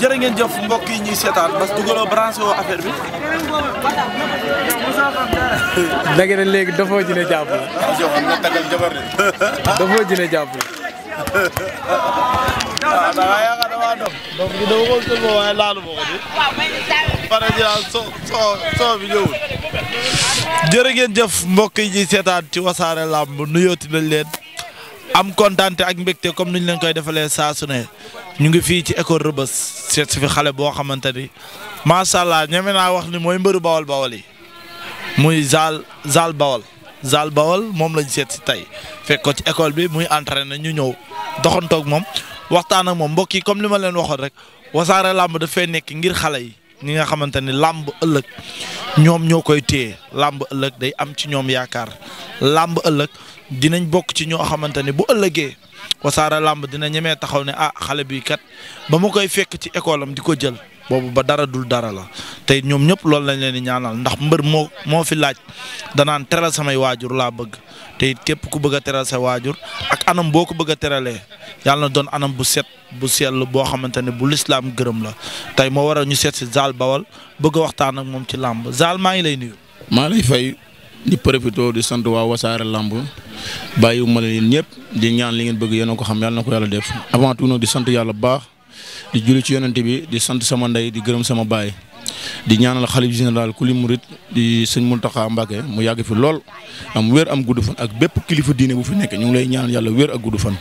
jërë ngeen jëf mbokk yi ñuy seetaan parce que dugaloo branché woo affaire bi. da ngeen léegi dafoo jine jàpp la. dafoo jine jàpp la. ah da ngaa yaakaar damaa doon. donc li dama ko sën ma waaye laalu ma ko di. pare ji ngeen jëf mbokk yi ñuy seetaan ci wasaare làmb nuyooti am kontaante ak mbégte comme ni ñu leen koy defalee saa ñu ngi fii ci école Rebeuss seet si fi xale boo xamante ni macha allah ñeme naa wax ni mooy mbëru bawol bawol yi muy Zal Zal bawal Zal bawal moom lañ seet si tey fekk ko ci école bi muy entraîné ñu ñëw doxantoog moom waxtaan ak moom mbokk yi comme li ma leen waxoon rek wasaare làmb dafay nekk ngir xale yi ñi nga xamante ni làmb ëllëg ñoom ñoo koy téye làmb ëllëg day am ci ñoom yaakaar làmb ëllëg. dinañ bokk ci ñoo xamante ne bu ëllëgee wasaara làmb dina ñemee taxaw ne ah xale bi kat ba mu koy fekk ci école am di ko jël boobu ba dara dul dara la tey ñoom ñëpp loolu lañ leen di ñaanal ndax mbër moo moo fi laaj danaan teral samay waajur laa bëgg tey képp ku bëgg a teral sa waajur ak anam boo ko bëgg a teralee yàlla na doon anam bu set bu sell boo xamante ne bu lislaam gërëm la tey moo waral ñu seet si Zal Bawal bëgg waxtaan ak moom ci làmb Zal maa ngi lay nuyu. di profité di sant waa wasaare lamb bàyyiwuma leen ñëpp di ñaan li ngeen bëgg yéen a ko xam yàlla na ko yàlla def avant tout nag di sant yàlla baax di julli ci yonent bi di sant sama ndey di gërëm sama baay di ñaanal xalif daal ku li murit di sëñ Muntaxa Mbàkke mu yàgg fi lool am wér am gudd fan ak bépp kilifa diine bu fi nekk ñu ngi lay ñaan yàlla wér ak gudd fan.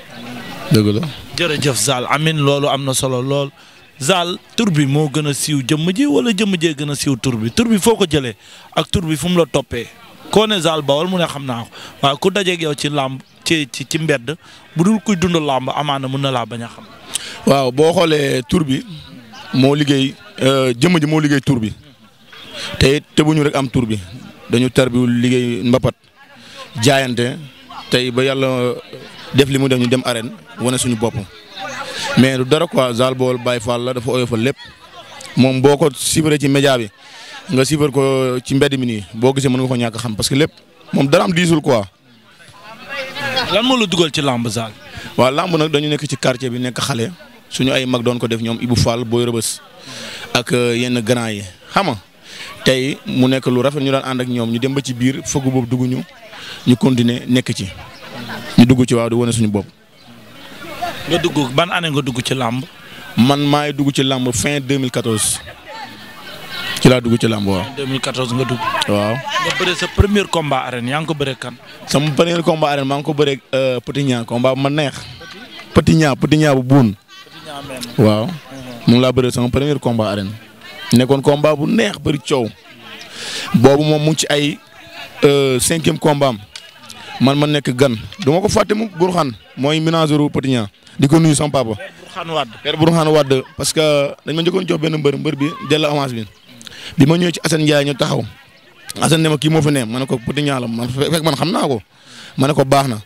dëgg la. jërëjëf Zal amin loolu am na solo lool Zal tur bi moo gën a siiw jëmm ji wala jëmm jee gën a siiw tur bi tur bi foo ko jëlee ak tur bi fu la toppee. koo ne Zal Bawol mu ne xam naa ko waaye ku dajeeg yow ci làmb ci ci ci mbedd bu dul kuy dund làmb amaan amaana mën na laa bañ a xam. waaw boo xoolee tur bi moo liggéey euh, jëmm ji moo liggéey tur bi te tëbuñu rek am tur bi dañu tarbiwu liggéey mbapat jaayante tey ba yàlla euh, def li mu def ñu dem arène wane suñu bopp mais du dara quoi Zal Bawol Baye Fall la dafa oyofal lépp moom boo ko sibré ci média bi nga suivre ko ci mbedd mi nii boo gisee mën nga ko ñàkk xam parce que lépp moom dara am diisul quoi. lan moo la dugal ci làmb zaal. waaw làmb nag dañu nekk ci quartier bi nekk xale suñu ay mag doon ko def ñoom bu Fall booy rëbës ak euh, yenn grand yi xam nga tey mu nekk lu rafet ñu daan ànd ak ñoom ñu dem ba ci biir fëgg boobu dugg ñu ñu continuer nekk ci ñu dugg ci waaw di wane suñu bopp. nga dugg ban année nga dugg ci làmb. man maay dugg ci làmb fin 2014. ci laa dugg ci làmb waaw. 2014 nga dugg. waaw. nga bëree sa premier combat arène yaa ngi ko bëree kan. sama premier combat arène maa ngi ko bëree euh, Petit Niang combat bu ma neex. Petit Niang Petit Niang bu buun. waaw. moom laa bëree sama premier combat arène. nekkoon combat bu neex bëri coow. boobu moom mu ci ay euh, cinquième combat am man ma nekk gan du ma ko fàtte mu Burxan mooy ménageur Petit Niang di ko nuyu sama papa. Père Burxan parce que dañ ma njëkkoon jox benn mbër mbër bi jël avance bi. bi ma ñëwee ci Assane Ndiaye ñu taxaw Assane ne ma kii moo fi ne ma ne ko Petit Nialam man fekk man xam naa ko ma ne ko baax na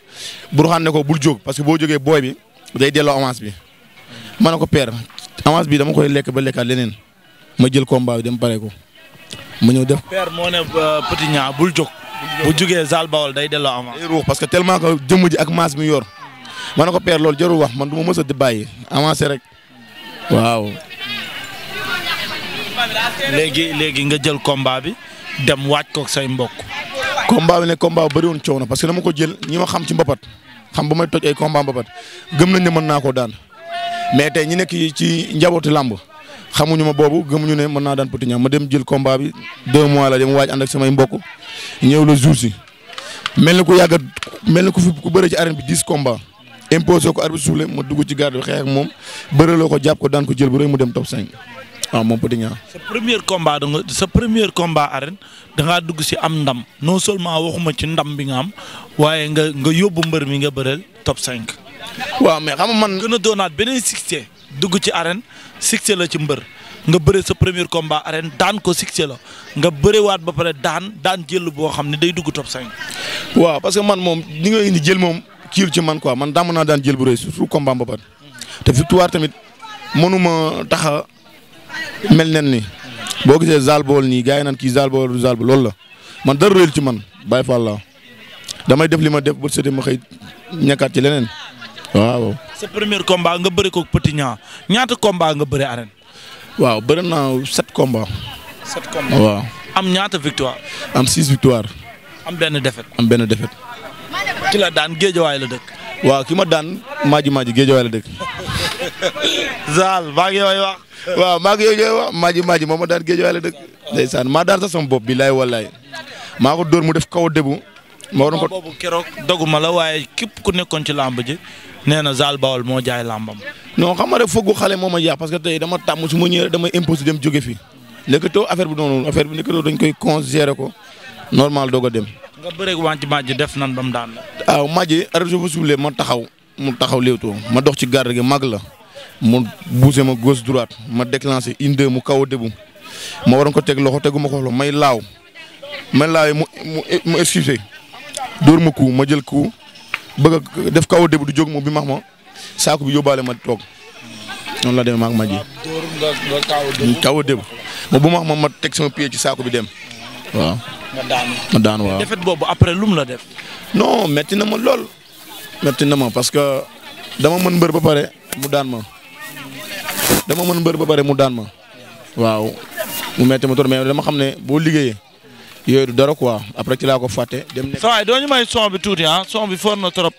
Burxaan ne ko bul jóg parce que boo jógee booy bi day delloo avance bi ma ne ko père avance bi dama lekk ba lekkaat leneen ma jël combat bi dem pare ko ma ñëw def. père moo ne euh, Petit Nialam bul jóg. bu jógee Zal Bawol day delloo avance. day ruux parce que tellement que jëmm ji ak maas mi yor ma ne ko peer loolu jarul wax man du ma mës a di bàyyi avancé rek waaw. léegi léegi nga jël combat bi dem waaj kook say mbokk. combat bi ne combat bu bëri woon coow na parce que dama ko jël ñi ma xam ci mbapat xam ba may toj ay combat mbapat gëm nañ ne mën naa koo daan mais tey ñi nekk ci njabootu làmb xamuñu ma boobu gëmuñu ne mën naa daan Petit Niang ma dem jël combat bi deux mois la dem waaj ànd ak samay mbokk ñëw la jour si mel na ku yàgg mel na ku fi ku bëre ci arène bi diis combat imposé ko arbitre suufle ma dugg ci garde bi xeex ak moom bëre loo ko jàpp ko daan ko jël bu rëy mu dem top 5. waaw ah, moom Petit Niang. sa premier combat da nga dugg si am ndam non seulement waxuma ci ndam bi nga am waaye nga nga yóbbu mbër mi nga bëreel top cinq waaw mais xam nga man. gën a doonaat beneen succès dugg ci arène succès la ci mbër nga bëre sa premier combat arène daan ko succès la nga bërewaat ba pare daan daan jël boo xam ne day dugg top cinq waaw parce que man moom li nga indi jël moom kiiru ci man ko man daamu naa daan jël bu rëy surtout combat ba pare te victoire tamit mel nen ni boo gisee zaal bool nii gars yi naan kii zaal bool du zaal bool loolu la man dara réel ci man bàyyi fall damay def li ma def bu sete ma xëy ñàkkaat ci leneen waaw. sa premier combat nga bëri ko Petit Niang ñaata combat nga bëri arène. waaw bëri naa sept combat. sept waaw. am ñaata victoire. am six victoire. am benn défaite. am benn défaite. ki la daan géejawaay la dëkk. waaw ki ma daan maaji maaji géejawaay la dëkk. Zal maa ngi yooyu wax. waaw maa ngi yooyu wax maaj Madji moom ma daan géej waaye la dëkk. ndeysaan maa daan sax sama bopp bi laay wallaay maa ko dóor mu def kaw débu. ma waroon ko boobu keroog doguma la waaye képp ku nekkoon ci làmb ji nee na Zal Baol moo jaay làmbam. non xam nga rek foogu xale moo ma jaax parce que tey dama tàmm su ma ñëwee dama imposé dem jóge fi nekkatoo affaire bi noonu affaire bi nekkatoo dañ koy considéré ko normal doog a dem. nga bëreeg wànc Madji def nan ba mu daan la. waaw Madji arrêté ma taxaw mu taxaw léewtoo ma dox ci garde gi mag la mu bougé ma gauche droite ma déclenché une mu kaw a dëbu ma waroon ko teg loxo tegu ma ko loxo may laaw may laawee mu mu mu esquivé dóor ma ku ma jël ku bëgg a def kaw a dëbu du jóg mu bi max ma saako bi yóbbaale ma toog noonu la demee maag ma ji. kaw a dëbu ma bu max ma ma teg sama pied ci saako bi dem waaw. ma daan daan waaw. defet boobu après mu la def. non metti na ma lool. metti na ma parce que dama mën mbër ba pare mu daan ma dama mën mbër ba pare mu daan ma waaw mu metti ma trop mais dama xam ne boo liggéeyee yooyu du dara quoi après ci laa ko fàtte dem nekk. saa doo ñu may son bi tuuti ah? son bi foor na trop.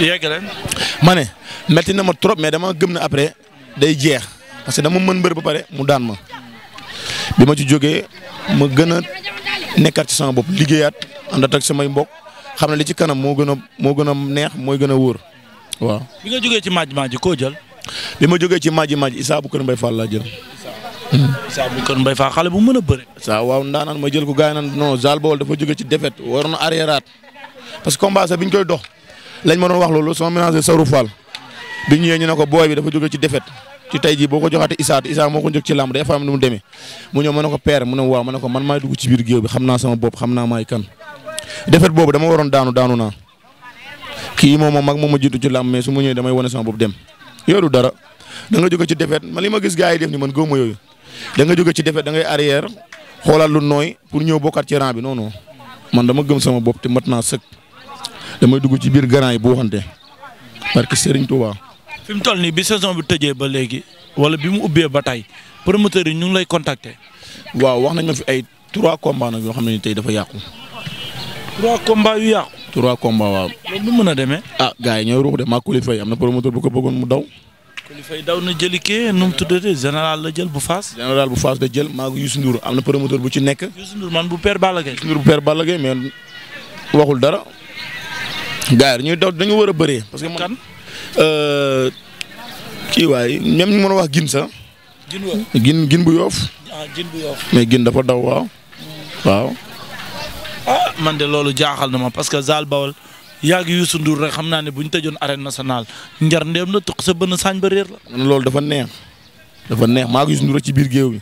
yeggale. ma ne metti na ma trop mais dama gëm ne après day jeex parce que dama mën mbër ba pare mu daan ma bi ma ci jógee ma gën a nekkaat ci sama bopp liggéeyaat àndaat ak samay mbok xam ne li ci kanam moo gën a moo gën a neex mooy gën a wóor waaw. bi nga jógee ci Madji Madji koo jël. bi ma jógee ci Madji Madji Issa bu Kër Mbaye Fall laa jël. Hmm. Issa bu Kër Mbaye Fall xale bu mën a bëre. saa waaw ndaanaan ma jël ko gars yi naan non Zal Baol dafa jógee ci défaite waroon na arriéraat parce que koy dox lañ ma doon wax loolu sama ménage Sarou Fall bi ñëwee ñu ne ko booy bi dafa jógee ci défaite ci tey boo ko joxaatee Issa Issa moo ko njëkk ci làmb day faam mu demee mu ñëw ma ne ko père mu ne ci biir géew bi xam naa sama bopp xam naa maay defet boobu dama waroon daanu daanu naa kii moom moom mag moom ma jiitu ci làmb mais su ma ñëwee damay wane sama bopp dem yooyu dara da nga jóge ci defet man li ma gis gars yi def ni man góob ma yooyu da nga jóge ci defet da ngay arrière xoolaat lu nooy pour ñëw bokkaat ci rang bi non man dama gëm sama bopp te mat naa sëkk damay dugg ci biir garant yi bu waxante parce que Serigne Touba. fi mu toll nii bi saison bi tëjee ba léegi wala bi mu ubbee ba tey promoteurs yi ñu ngi lay contacter. waaw wax nañ ma fi ay trois combats yoo xam ne tey dafa yàqu. trois combats yu yàqu. trois combats waaw. loolu mën a demee. ah gars yi ñooy ruux am na promoteur bu ko bëggoon mu daw. Coly Faye daw na jëli kii nu général la jël bu Faas. général bu Faas da jël maa ngi Youssou Ndour am na promoteur bu ci nekk. Youssou Ndour man bu per Balla Gaye. Youssou Ndour bu Père mais waxul dara. gars yi ñuy daw dañu war a bëree. parce que man euh, kii waay même ñu mën a wax gin sa. gin gin bu yoof. ah mais gin dafa daw waaw. waaw. ah man de loolu jaaxal na ma parce que Zal Bawol yàgg Youssou Ndour rek xam naa ne bu ñu tëjoon arène nationale njar ndeem na tuq sa bënn saañ ba réer la. loolu dafa neex dafa neex maa ngi Youssou Ndour rek ci biir géew yi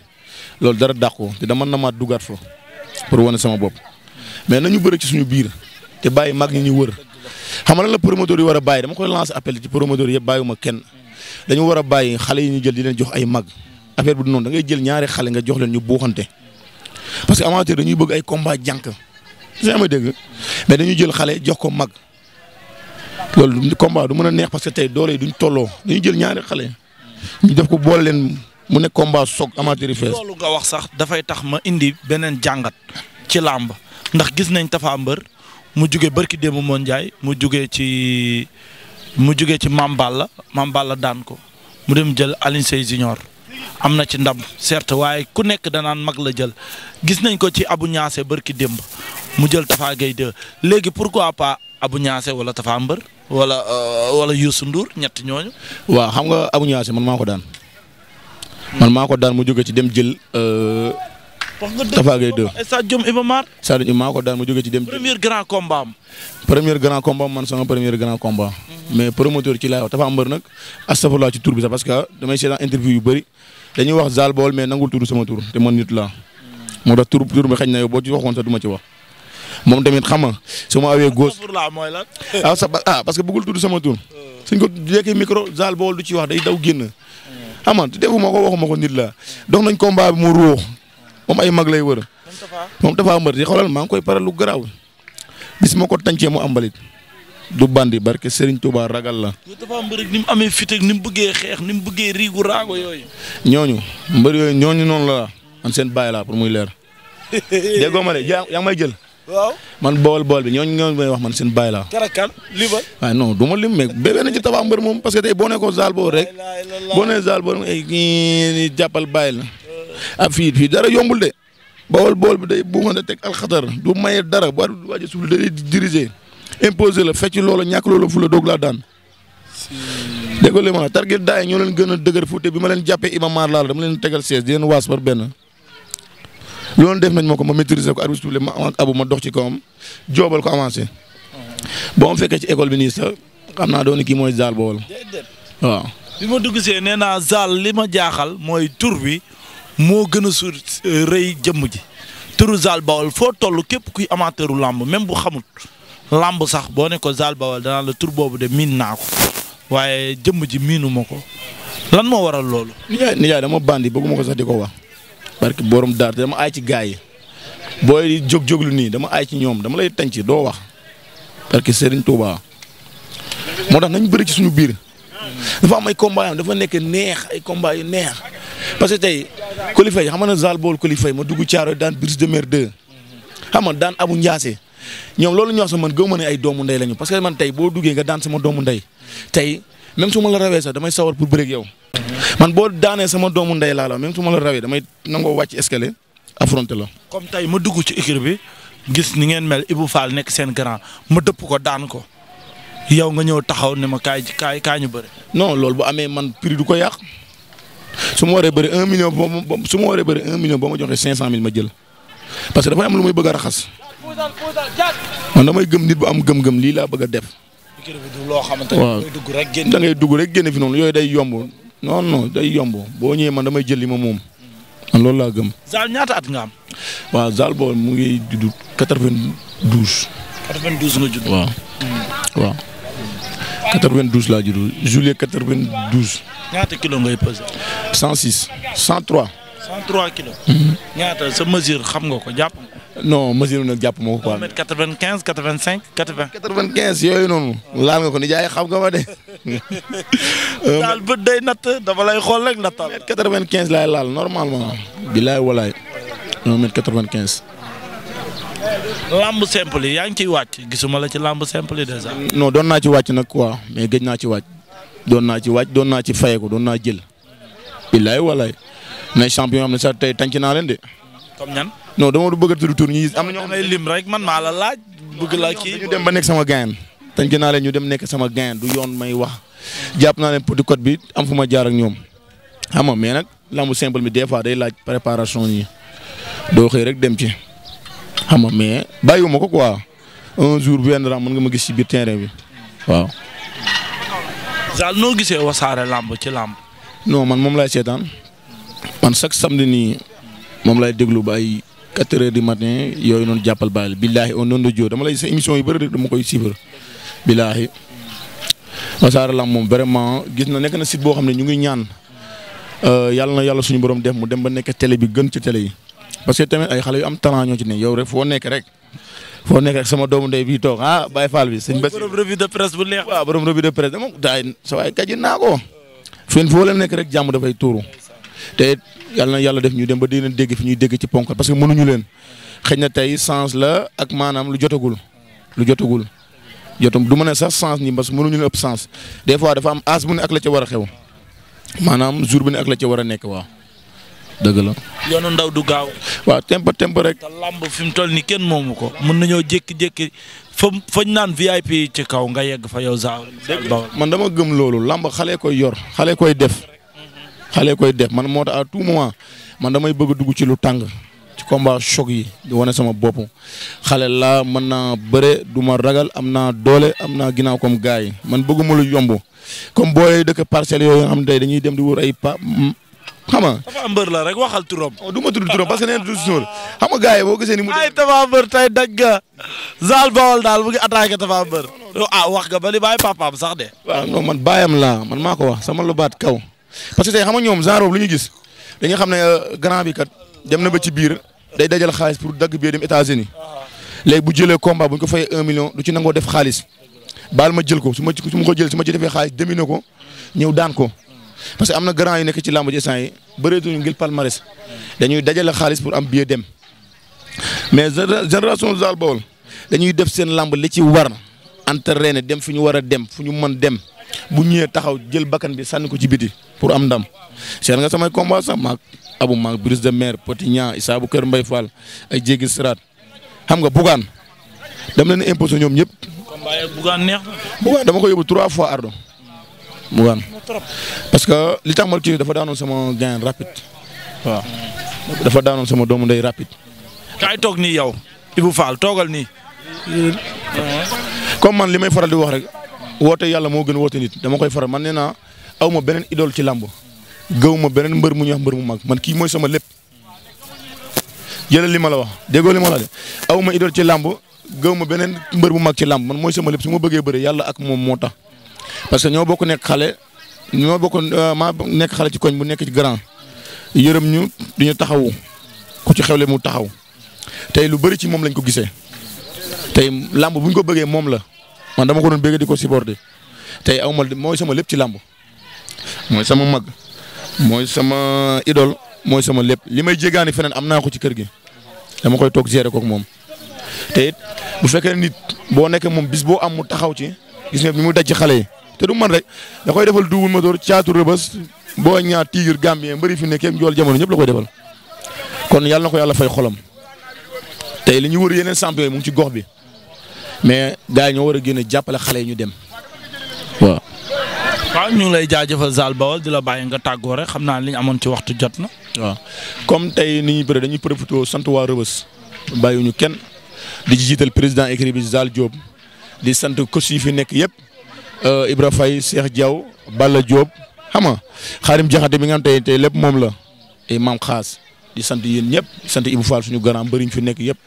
loolu dara dàq ko te dama namaat dugaat foo pour wane sama bopp mais nañu bëre ci suñu biir te bàyyi mag ñi ñu wër xam nga la promoteur yi war a bàyyi dama koy lancer appel ci promoteur yëpp bàyyiwuma kenn dañu war a bàyyi xale yi ñu jël di leen jox ay mag affaire bu noonu da jël ñaari xale nga jox leen ñu buuxante parce que amateur dañuy bëgg ay combat jànk c'est ma dégg mais dañu jël xale jox ko mag loolu combat du mën a neex parce que tey doole yi duñ tolloo dañu jël ñaari xale ñu def ko boole leen mu nekk combat soog amateur yi fees loolu nga wax sax dafay tax ma indi beneen jàngat ci làmb ndax gis nañ Tapha Mbeur mu jóge barki démb moo Ndiaye mu jóge ci mu jugee ci Mame Balla Mame Balla daan ko mu dem jël Alioune Sèye Junior am na ci ndam certes waaye ku nekk danaan mag la jël gis nañ ko ci abu ñaase barki démb mu jël Tafa Gueye 2 léegi pourquoi pas Abou Niasse wala Tafa Mbër wala euh, wala Youssou Ndour ñett ñooñu. waa xam nga abu Niasse man maa ko daan. man maa ko daan mu jóge ci dem jël. Euh, Tafa Gueye 2 stade Jom Iba Mar. stade Jom maa ko daan mu jóge ci dem. premier grand combat am. Mhm. mais promoteur ci laay wax Tafa Mbër nag astafurlaa ci tur sax parce que damay seetaan interview yu bëri dañuy wax Zal Baol mais nangul tudd sama tur te man nit laa. Mhm. moo tax tur tur na boo ci waxoon sax ma ci wax. moom tamit xam nga su ma awee góos. ah sa ah parce que bëggul tudd sama tur. suñ ko jekkee micro zaal bool du ci wax day daw génn. xam nga defuma ko waxuma ko nit la dox nañ combat bi mu ruux moom ay mag lay wër. moom dafa mbër di xoolal maa ngi koy paral lu garaaw bis ma ko tàncee mu ambalit du bandi barke Serigne Touba ragal la. dafa mbër ni mu amee fit ak ni mu bëggee xeex ni mu bëggee riigu raago yooyu. ñooñu mbër yooyu ñooñu noonu la man seen bàyyi pour muy leer déggoo ma may jël. waaw man bool bool bi ñooñu ñooñu may wax man seen bàyyi laa. keroog kan limal. non du ma lim mais bébé na ci Tapha Mbeur moom parce que tey boo nekkoon Zal Boor rek boo nee Zal Boor ay eh, ñii jàppal bàyyi la ab ah, fii fii dara yombul de bool bool bi day bu nga teg alxatar du maye dara bu waaj a suuf da lay diriger la fecc loola ñàkk loola la doog laa daan. dégg nga li ma la target daay ñoo leen gën a dëgër fuute bi ma leen jàppee Iba Mar laa la dama leen tegal sees di leen waas par benn. loolu def nañ ma ko ma maîtriser ko arbitre ma am abu ma dox ci kawam joobal ko avancé boo ma fekkee ci école bi nii sax xam naa doon kii mooy Zal Baol waaw. bi ma dugg see nee naa Zal li ma jaaxal mooy tur bi moo gën a sur euh, rëy jëmm ji turu Zal Baol foo toll képp kuy amateuru làmb même bu xamut làmb sax boo ne ko Zal Baol danaa la tur boobu de miin naa ko waaye jëmm ji miinu ma ko lan moo waral loolu. nijaay nijaay dama bandi bëgguma ko sax di ko wax. parce que borom daar dama aay ci gars yi booy jóg jóglu nii dama ay ci ñoom dama lay tànc doo wax parce que Serigne Touba moo tax nañ bëri ci suñu biir dafa am ay combat dafa nekk neex ay combat yu neex parce que tey Colifay xam na ne Zal Bool Colifay ma dugg Thiaroye daan Brise de Mer 2 xam nga daan Abu Ndiassé ñoom loolu ñu wax man gëw ma ne ay doomu ndey lañu parce que man tey boo duggee nga daan sama doomu ndey tey même suma la rawee sax damay sawar pour bëreeg yow. man boo daanee sama doomu ndey laa la même su ma la rawee damay nangoo wàcc escalier affronter la. comme tey ma dugg ci équipe bi gis ni ngeen mel Ibou faal nekk seen grand ma dëpp ko daan ko yow nga ñëw taxaw ne ma kaay kaay kaay ñu bëri. non loolu bu amee man prix du ko yàq su ma waree bëri un million ba ma su ma waree bëri un million ba ma joxee cinq cent mille ma jël parce que dafa am lu may bëgg a raxas man damay gëm nit bu am gëm-gëm lii laa bëgg a def. piqûre loo xamante ne dugg rek génn da ngay rek génn fi noonu yooyu day yomb non non day yomb boo ñëwee man damay jël li ma moom man loolu laa gëm. Zal ñaata at nga am. waaw Zal boobu mu ngi judd quatre-vingt-douze. quatre-vingt-douze nga judd. waaw hmm. waaw. 92 laa judd juillet 92. ñaata kilo ngay pesé. 106 103. kilos. Hmm. ñaata sa mesure xam nga ko. non mesure nag jàpp moo ko quoi. 1 mètre 95 85 80. 95 yooyu noonu. laal nga ko ni jaay xam nga ma de. daal bët day natt dama lay xool rek nattal. 1 mètre 95 laay laal normalement. bilaay walaay. 1 mètre 95. lamb simple yi yaa ngi ciy wàcc gisuma la ci lamb simple yi déjà. non doon naa ci wàcc nag quoi mais gëj naa ci wàcc. doon naa ci wàcc doon naa ci fayeku doon naa jël. bilaay walaay. mais champion am na sax tey tànc naa leen de. comme ñan. non dama du bëgg a tudd tur ñi am lim rek man maa la laaj. bëgg laa kii ñu dem ba nekk sama gayan te gën naa leen ñu dem nekk sama gayan du yoon may wax jàpp naa leen petit côté bi am fu ma jaar ñoom xam nga mais nag lambu simple bi des fois day laaj préparation yi doo xëy rek dem ci xam nga mais bàyyiwuma ko quoi un jour bu yenn ram mën nga ma gis ci biir terrain bi waaw. Zal noo gisee wasaare lamb ci lamb. non man moom lay seetaan man chaque samedi nii moom lay déglu ba ay 4 heures du matin yooyu noonu jàppal baal billaahi au nom de dama lay sa émission yu bëri dama koy suivre billaahi Wassare moom vraiment gis na nekk na site boo xam ne ñu ngi ñaan euh, yàlla na yàlla suñu borom def mu dem ba nekk télé bi gën ci télé yi parce que tamit ay xale yu am talent ñoo ci ne yow rek foo nekk rek foo nekk rek sama doomu ndey bii toog ah Baye Fall bi. sëñ Bass borom revue de presse bu neex. waaw borom revue de presse dama daay sa waay nekk rek jàmm dafay tuuru. te yàlla na yàlla def ñu dem ba di leen dégg fi ñuy dégg ci ponkal parce que mënuñu leen xëy na tey sens la ak maanaam lu jotagul lu jotagul jotum du ma ne sax chance nii parce que mënuñu leen ëpp sens des fois dafa am as bu ne ak la ca war a xew maanaam jour bu ne ak la ca war a nekk waa dëgg la. yoonu ndaw du gaaw. waaw temp temp rek. te làmb fi mu toll nii kenn moomu ko. mën nañoo jékki-jékki fa fañ naan VIP yi ci kaw nga yegg fa yow Zale. man dama gëm loolu làmb xale koy yor xale koy def. xale koy def man moo tax à tout moment man damay bëgg a dugg ci lu tàng ci combat choc yi di wane sama bopp xale laa mën naa bëre du ma ragal am naa doole am naa ginnaaw comme gars yi man bëgguma lu yomb comme booy dëkk parcelles yooyu nga xam tey dañuy dem di wër ay pa mm, xam nga. Tapha Mbeur la rek waxal turam. Oh, du ma tudd turam parce que nee na du suñu yi boo gisee ni mu. ay Tapha Mbeur tey daj nga Zal daal mu ngi attaqué Tapha Mbeur. ah wax nga ba li bàyyi papaam sax de. waaw man bàyyam laa man maa ko wax sama lu baat kaw. parce que tey xam nga ñoom genre boobu lu ñu gis dañuy xam ne euh, grand bi kat dem na ba ci biir day dajal xaalis pour dagg bi dem États-Unis léegi bu jëlee combat bu ñu ko fayee un million du ci nangoo def xaalis baal ma jël ko su ma su ma ko jël su ma ci defee xaalis demine ko ñëw daan ko parce que am na grand yu nekk ci làmb ji instant yi bëreetuñu ngir palmarès dañuy dajale xaalis pour am billet dem mais génération Zal Baol dañuy def seen làmb li ci war entraîné dem fu ñu war a dem fu ñu mën dem. bu ñëwee taxaw jël bakkan bi sànni ko ci biti pour am ndam seen nga samay combat sax maag abu maag brise de mer petit ñaa isaa bu kër mbay fall ay jéggi siraat xam nga bugaan dama leen imposé ñoom ñëpp. bugaan neex bugaan dama ko yóbbu trois fois ardo bugaan parce que li tax ma kii dafa daanoon sama gain rapide waaw dafa daanoon sama doomu ndey rapide. kaay toog nii yow Ibou Fall toogal nii. comme man li may faral di wax rek. woote yàlla moo gën woote nit dama koy faral man nee naa aw beneen idole ci làmb gëw ma beneen mbër mu ñuy wax mbër mu mag man kii mooy sama lépp jëlal li ma la wax déggoo li ma la de aw ma idole ci làmb gëw ma beneen mbër mu mag ci làmb man mooy sama lépp su ma bëggee bëre yàlla ak moom moo tax parce que ñoo bokk nekk xale ñoo bokk euh, maa nekk xale ci koñ bu nekk ci grand yërëm ñu duñu taxawu ku ci xewle mu taxaw tey lu bëri ci moom lañ ko gisee tey làmb bu ko bëggee moom la man dama ko doon bëgg di ko supporter tey aw ma mooy sama lépp ci làmb mooy sama mag mooy sama idole mooy sama lépp li may jégaani feneen am naa ko ci kër gi dama koy toog gere kook moom. te bu fekkee nit boo nekk moom bis boo am mu taxaw ci gis nga bi mu daj ci xale yi te du man rek da koy defal duubul moteur caatu rëbës boo ñaar tigre gambien mbëri fi nekk jool jamono ñëpp la koy defal kon yàlla na ko yàlla fay xolam tey li ñu wër yeneen champion yi ci gox bi. mais gars yi ñoo war a gën a jàppale xale yi ñu dem waaw. waaw ñu ngi lay jaajëfal Zal Baol di la bàyyi nga tàggoo rek xam naa li ñu amoon ci waxtu jot na. waaw comme tey ni ñu bëre dañuy profité sant waa Rëbës bàyyiwuñu kenn di jiital président écrit bi Zal Diop di sant coach yi fi nekk yëpp euh, Ibra Faye Cheikh Diaw Balla jóob xam nga Xaarim Jaxate bi nga xam tey tey lépp moom la ay maam xaas. di sant yéen ñëpp sant Ibou Fall suñu garaam bëriñ fi nekk yëpp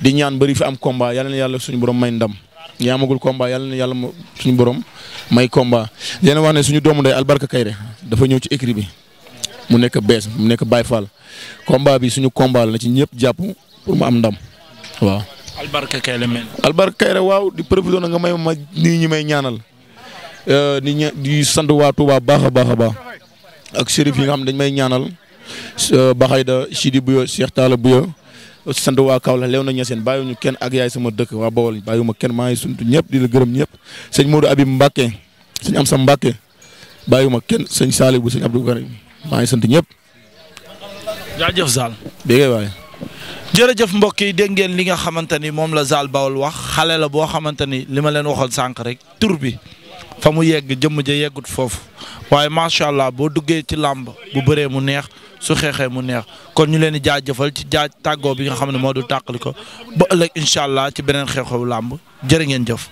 di ñaan bëri fi am combat yal na yàlla suñu borom may ndam ñi komba combat yal na yàlla suñu borom may combat leen wax ne suñu doomu ndey Albarka Kayre dafa ñëw ci écrit bi mu nekk bees mu nekk Baye Fall combat bi suñu combat la ci ñëpp jàpp pour mu am ndam waaw. Albarka Kayre mel. Albarka Kayre waaw di profité na nga may ma nii ñi may ñaanal euh, di ña di sant waa Touba baax a baax a baax ak shérif yi nga xam dañ may ñaanal. Euh, Baxayda Sidi Buyo Cheikh Talla Buyo sant waa kaw la lew na ña seen ñu kenn ak yaay sama dëkk waa Bawol ma kenn maa ngi sunt ñëpp di la gërëm ñëpp sëñ Modou Abib Mbacke sëñ Amsa Mbacke ma kenn sëñ Saliou bu sëñ Abdou Karim maa ngi sant ñëpp. jaajëf Sall. dégg nga waay. jërëjëf mbokk yi dégg ngeen li nga xamante ni moom la Zal Baol wax xale la boo xamante ni li ma leen waxoon sànq rek tur bi. fa mu yegg jëmm ja yeggut foofu waaye macha allah boo duggee ci làmb bu bëree mu neex su xeexee mu neex kon ñu leen di jaajëfal ci jaaj tàggoo bi nga xam ne moo du tàqali ko ba ëllëg incha allah ci beneen xeexu làmb jërë ngeen jëf.